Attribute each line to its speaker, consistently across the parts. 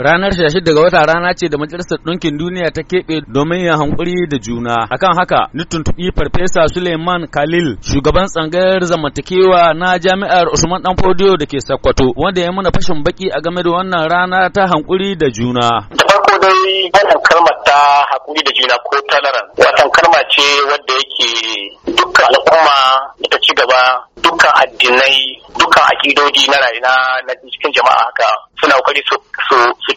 Speaker 1: Ranar 16 ga wata rana ce da Majalisar Ɗinkin Duniya ta keɓe domin ya hankuri da juna. Akan haka, ni tuntuɓi Farfesa Suleiman Khalil, shugaban tsangayar zamantakewa na Jami'ar Usman Dan Fodio da ke Sokoto, wanda ya muna fashin baki a game da wannan rana ta hankuri da juna. farko
Speaker 2: dai wannan kalmar ta hakuri da juna ko tolerance watan kalma ce wadda yake dukkan al'umma da ci gaba dukkan addinai dukkan akidodi na rayuwa na cikin jama'a haka suna kokari su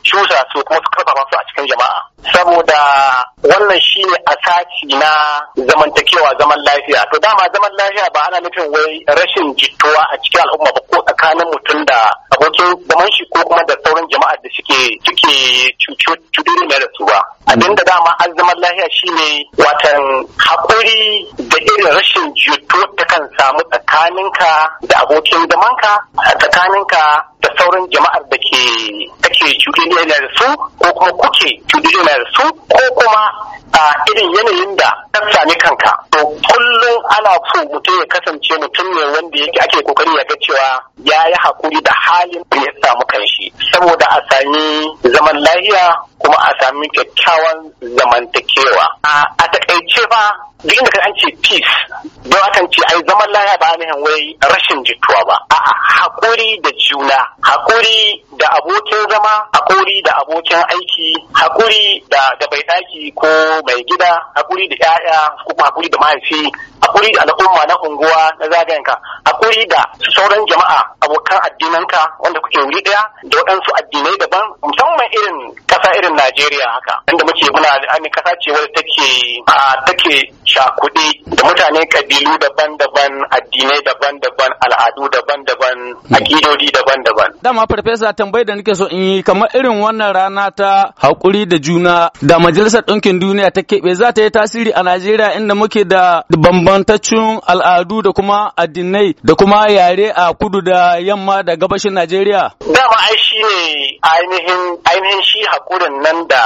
Speaker 2: cusa su kuma su karfafa su a cikin jama'a saboda wannan shi shine asaci na zamantakewa zaman lafiya to dama zaman lafiya ba ana nufin wai rashin jituwa a cikin al'umma ba ko tsakanin mutum da abokin zaman shi ko kuma da sauran jama'a da suke suke cuturi da su ba abinda dama azaman lafiya shine watan hakuri da irin rashin jituwa ta kan samu tsakaninka da abokin zamanka tsakaninka da sauran jama'ar cutar da su ko kuma kuke cutar da su ko kuma a irin yanayin da ka sami kanka to kullum ana so mutum ya kasance mutum ne wanda yake ake kokari ya ga cewa ya yi hakuri da halin da ya samu kanshi saboda a sami zaman lahiya. kuma a sami kyakkyawan zamantakewa a takaice ba duk inda an ce peace don akan ce ai zaman laya ba ne wai rashin jituwa ba a haƙuri da juna hakuri da abokin zama hakuri da abokin aiki hakuri da bai ɗaki ko mai gida hakuri da 'ya'ya ko hakuri da mahaifi hakuri al'umma na unguwa na zagayenka hakuri da sauran jama'a abokan addinanka wanda kuke wuri daya da waɗansu addinai daban musamman irin kasa irin Najeriya haka inda muke muna kasa ce wadda take take shakuɗe mutane kabilu daban-daban addinai daban-daban al'adu daban-daban hmm. akidodi daban-daban
Speaker 1: dama farfesa tambayar da nake so in yi kamar irin wannan rana ta Hakuri da juna da majalisar ɗinkin duniya ta keɓe za ta yi tasiri a najeriya inda muke da bambantaccen al'adu da kuma addinai da kuma yare a kudu da yamma da gabashin najeriya dama ai shi
Speaker 2: ne ainihin ainihin shi haƙurin nan da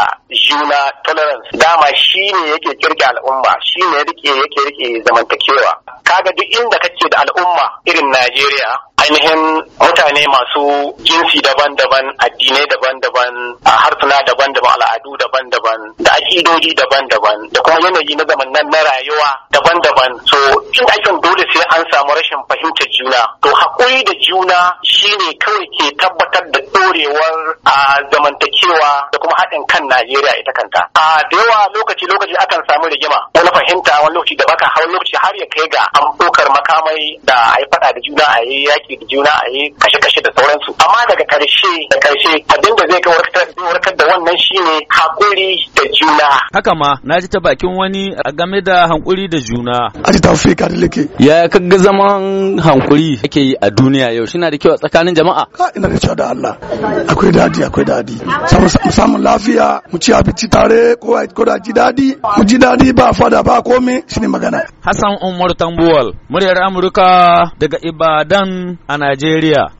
Speaker 2: juna tolerance dama shi ne yake kirke al'umma shi ne yake yake Zamantakewa. zamantakewa ga duk inda kake da al'umma irin Najeriya ainihin mutane masu jinsi daban-daban addinai daban-daban harsuna daban-daban al'adu daban-daban ƙa'idodi daban-daban da kuma yanayi na zaman nan na rayuwa daban-daban so in aikin dole sai an samu rashin fahimtar juna to haƙuri da juna shine kawai ke tabbatar da dorewar a zamantakewa da kuma haɗin kan Najeriya ita kanta a da yawa lokaci lokaci akan samu rigima wani fahimta wani lokaci da baka hawa lokaci har ya kai ga an ɗaukar makamai da a yi faɗa da juna a yi yaƙi da juna a yi kashe-kashe da sauransu amma daga ƙarshe da ƙarshe abinda zai ga warkar da wannan shine
Speaker 1: haƙuri da juna yawa haka ma na ji ta bakin wani a game da hankuri da juna
Speaker 2: a ji ka da lake
Speaker 1: ya kaga zaman hankuri ake yi a duniya yau shi na da kyau a tsakanin jama'a ka ina da cewa da Allah akwai dadi akwai dadi samun lafiya mu ci abinci tare ko ko da ji dadi mu ji dadi ba fada
Speaker 2: ba komai ne magana
Speaker 1: Hassan Umar Tambuwal muryar Amurka daga Ibadan a Najeriya